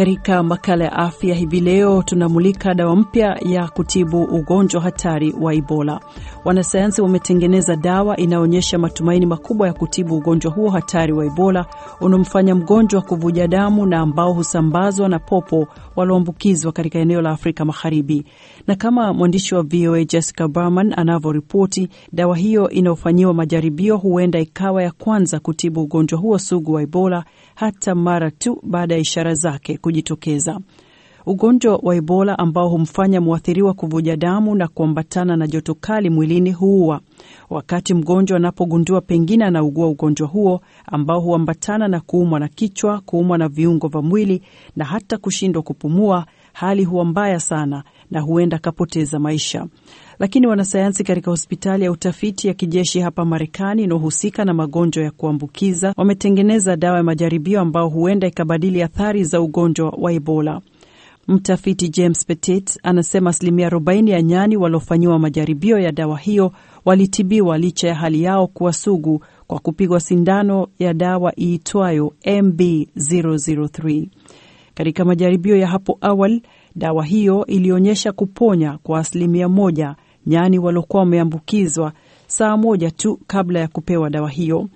Katika makala ya afya hivi leo tunamulika dawa mpya ya kutibu ugonjwa hatari wa Ebola. Wanasayansi wametengeneza dawa inayoonyesha matumaini makubwa ya kutibu ugonjwa huo hatari wa Ebola unaomfanya mgonjwa kuvuja damu na ambao husambazwa na popo walioambukizwa katika eneo la Afrika Magharibi na kama mwandishi wa VOA Jessica Berman anavyoripoti, dawa hiyo inayofanyiwa majaribio huenda ikawa ya kwanza kutibu ugonjwa huo sugu wa Ebola hata mara tu baada ya ishara zake kujitokeza. Ugonjwa wa Ebola ambao humfanya mwathiriwa kuvuja damu na kuambatana na joto kali mwilini huua. Wakati mgonjwa anapogundua pengine anaugua ugonjwa huo ambao huambatana na kuumwa na kichwa, kuumwa na viungo vya mwili na hata kushindwa kupumua, hali huwa mbaya sana na huenda akapoteza maisha. Lakini wanasayansi katika hospitali ya utafiti ya kijeshi hapa Marekani inaohusika na magonjwa ya kuambukiza wametengeneza dawa ya majaribio ambao huenda ikabadili athari za ugonjwa wa Ebola. Mtafiti James Petit anasema asilimia 40 ya nyani waliofanyiwa majaribio ya dawa hiyo walitibiwa licha ya hali yao kuwa sugu kwa kupigwa sindano ya dawa iitwayo MB003. Katika majaribio ya hapo awali, dawa hiyo ilionyesha kuponya kwa asilimia moja nyani waliokuwa wameambukizwa saa moja tu kabla ya kupewa dawa hiyo.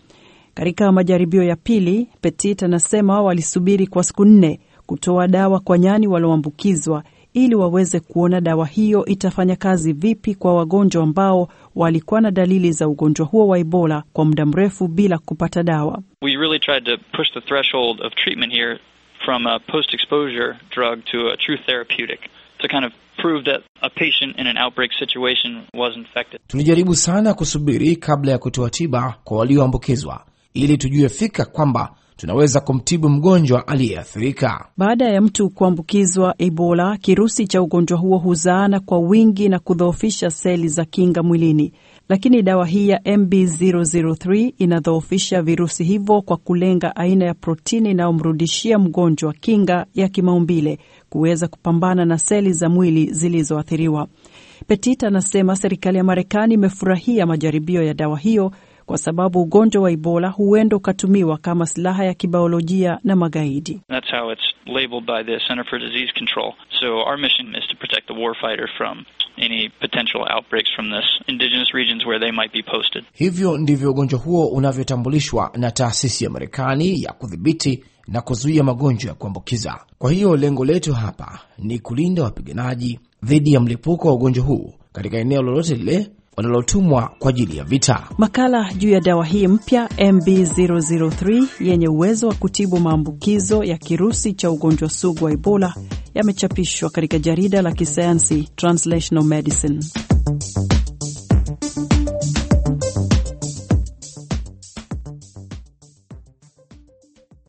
Katika majaribio ya pili, Petit anasema walisubiri kwa siku nne kutoa dawa kwa nyani walioambukizwa ili waweze kuona dawa hiyo itafanya kazi vipi kwa wagonjwa ambao walikuwa na dalili za ugonjwa huo wa Ebola kwa muda mrefu bila kupata dawa. We really tried to push the threshold of treatment here from a post exposure drug to a true therapeutic to kind of prove that a patient in an outbreak situation was infected. Tunajaribu sana kusubiri kabla ya kutoa tiba kwa walioambukizwa ili tujue fika kwamba tunaweza kumtibu mgonjwa aliyeathirika. Baada ya mtu kuambukizwa Ebola, kirusi cha ugonjwa huo huzaana kwa wingi na kudhoofisha seli za kinga mwilini lakini dawa hii ya MB003 inadhoofisha virusi hivyo kwa kulenga aina ya protini inayomrudishia mgonjwa kinga ya kimaumbile kuweza kupambana na seli za mwili zilizoathiriwa. Petit anasema serikali ya Marekani imefurahia majaribio ya dawa hiyo kwa sababu ugonjwa wa Ebola huenda ukatumiwa kama silaha ya kibiolojia na magaidi. That's how it's labeled by the Center for Disease Control. So our mission is to protect the warfighter from any potential outbreaks from this regions where they might be posted. Hivyo ndivyo ugonjwa huo unavyotambulishwa na taasisi ya Marekani ya kudhibiti na kuzuia magonjwa ya kuambukiza. Kwa hiyo lengo letu hapa ni kulinda wapiganaji dhidi ya mlipuko wa ugonjwa huu katika eneo lolote lile wanalotumwa kwa ajili ya vita. Makala juu ya dawa hii mpya MB003 yenye uwezo wa kutibu maambukizo ya kirusi cha ugonjwa sugu wa Ebola yamechapishwa katika jarida la kisayansi Translational Medicine.